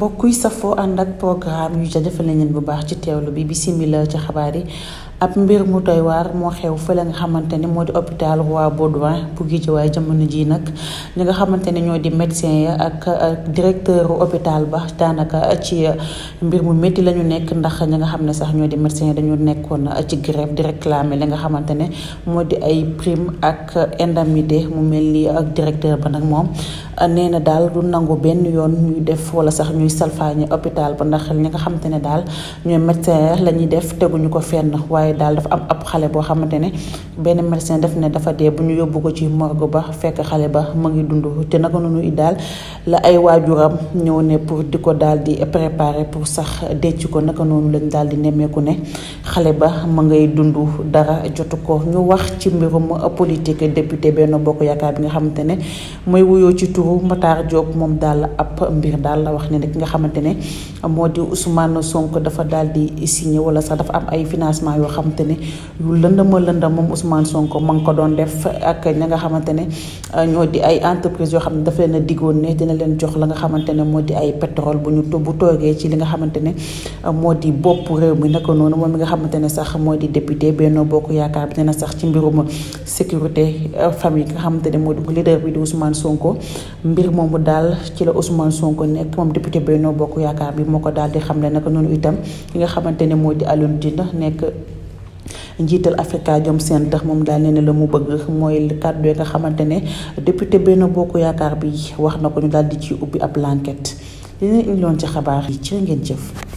mbokk yi safoo ànd ak programme yu ja defal nañ leen bu baax ci teewlu bi bisimila ci xabaar yi ab mbir mu doy waar moo xew fële xamante ni moo di hôpital Roi Baudouin bu Guédiawaye jamono ji nag ñi nga xamante ne ñoo di médecin ya ak directeur hôpital ba daanaka ci mbir mu métti la ñu nekk ndax ñi nga xam ne sax ñoo di médecin ya nekkoon ci grève di li nga xamante ne moo di ay prime ak indemnité mu mel ni ak directeur ba nag moom nee na daal du nangu benn yoon ñuy def wala sax ñuy salfaañe hôpital ba ndax ñi nga xamante ne daal ñooy médecin ya la ñuy def teguñu ko fenn waaye Paris daal dafa am ab xale boo xamante ne benn médecin daf ne dafa dee bu ñu yóbbu ko ci morgue ba fekk xale ba mu ngi dund te naka noonu it daal la ay waajuram ñëw ne pour di ko daal di préparer pour sax denc ko naka noonu lañ daal di nemmeeku ne xale ba ma ngay dund dara jotu ko ñu wax ci mbirum politique député Benno Bokk Yaakaar bi nga xamante ne mooy wuyoo ci turu Matar Diop moom daal ab mbir daal la wax ne ki nga xamante ne moo di Ousmane Sonko dafa daal xamante ne yu lëndama lëndam moom Ousmane Sonko ma ko doon def ak ña nga xamante ne euh, ñoo di ay entreprise yoo xam ne dafa leen a digoon ne dina leen jox la nga xamante ne moo di ay pétrole bu ñu bu toogee ci li nga xamante ne euh, moo di bopp réew mi naka noonu moom mi nga xamante ne sax moo di député Benno Bokk Yaakaar bi na sax ci mbirum sécurité euh, famille nga xamante ne moo di leader bi di Ousmane Sonko mbir moomu daal ci la Ousmane Sonko nekk moom député Benno Bokk Yaakaar bi moo ko daal di xam xamle naka noonu itam ki nga xamante ne moo di Alioune Tine nekk njiital Afrika Jom seen tax moom daal nee na la mu bëgg mooy kàddu yi nga xamante ne député benn Bokk Yaakaar bi wax na ko ñu daal di ci ubbi ab l'enquête li ñu indiloon ci xabaar yi ci la ngeen jëf.